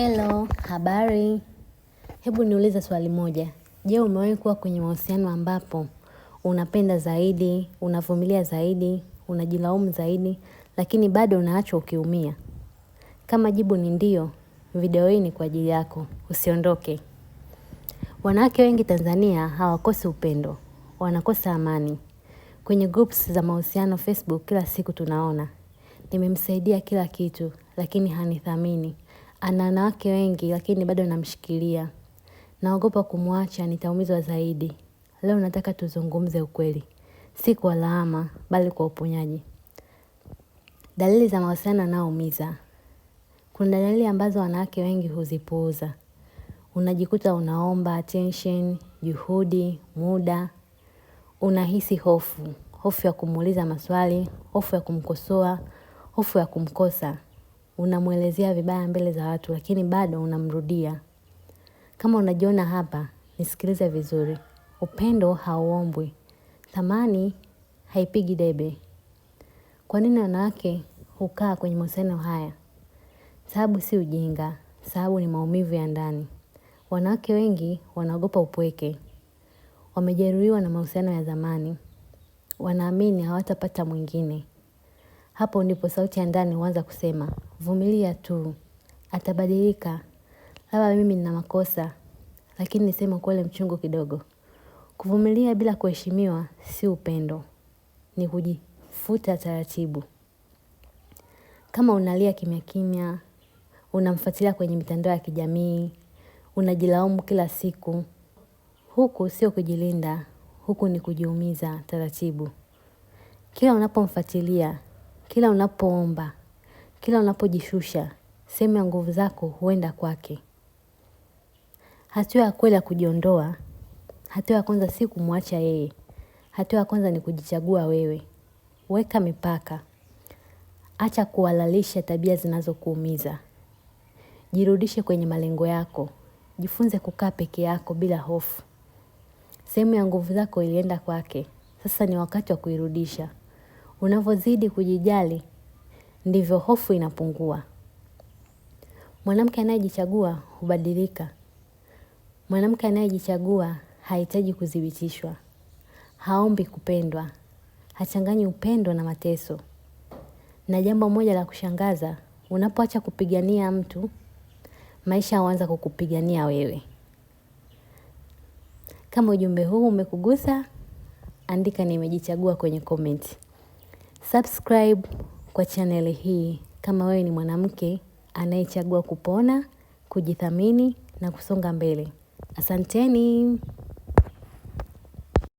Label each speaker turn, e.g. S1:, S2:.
S1: Hello, habari. Hebu niulize swali moja. Je, umewahi kuwa kwenye mahusiano ambapo unapenda zaidi, unavumilia zaidi, unajilaumu zaidi, lakini bado unaachwa ukiumia? Kama jibu ni ndio, video hii ni kwa ajili yako. Usiondoke. Wanawake wengi Tanzania hawakosi upendo, wanakosa amani. Kwenye groups za mahusiano Facebook kila siku tunaona. Nimemsaidia kila kitu, lakini hanithamini ana wanawake wengi lakini bado namshikilia. Naogopa kumwacha nitaumizwa zaidi. Leo nataka tuzungumze ukweli. Si kwa lawama, bali kwa uponyaji. Dalili za mahusiano yanayoumiza. Kuna dalili ambazo wanawake wengi huzipuuza. Unajikuta unaomba attention, juhudi, muda. Unahisi hofu. Hofu ya kumuuliza maswali, hofu ya kumkosoa, hofu ya kumkosa unamwelezea vibaya mbele za watu, lakini bado unamrudia. Kama unajiona hapa, nisikilize vizuri. Upendo hauombwi, thamani haipigi debe. Kwa nini wanawake hukaa kwenye mahusiano haya? Sababu si ujinga, sababu ni maumivu ya ndani. Wanawake wengi wanaogopa upweke, wamejeruhiwa na mahusiano ya zamani, wanaamini hawatapata mwingine. Hapo ndipo sauti ya ndani huanza kusema, vumilia tu, atabadilika. Labda mimi nina makosa, lakini niseme ukweli mchungu kidogo. Kuvumilia bila kuheshimiwa si upendo, ni kujifuta taratibu. Kama unalia kimya kimya, unamfuatilia kwenye mitandao ya kijamii, unajilaumu kila siku, huku sio kujilinda, huku ni kujiumiza taratibu. Kila unapomfuatilia kila unapoomba, kila unapojishusha, sehemu ya nguvu zako huenda kwake. Hatua ya kweli ya kujiondoa, hatua ya kwanza si kumwacha yeye. Hatua ya kwanza ni kujichagua wewe. Weka mipaka. Acha kuhalalisha tabia zinazokuumiza. Jirudishe kwenye malengo yako. Jifunze kukaa peke yako bila hofu. Sehemu ya nguvu zako ilienda kwake. Sasa ni wakati wa kuirudisha. Unavyozidi kujijali ndivyo hofu inapungua. Mwanamke anayejichagua hubadilika. Mwanamke anayejichagua hahitaji kudhibitishwa, haombi kupendwa, hachanganyi upendo na mateso. Na jambo moja la kushangaza, unapoacha kupigania mtu, maisha huanza kukupigania wewe. Kama ujumbe huu umekugusa, andika nimejichagua kwenye komenti. Subscribe kwa chaneli hii kama wewe ni mwanamke anayechagua kupona, kujithamini na kusonga mbele. Asanteni.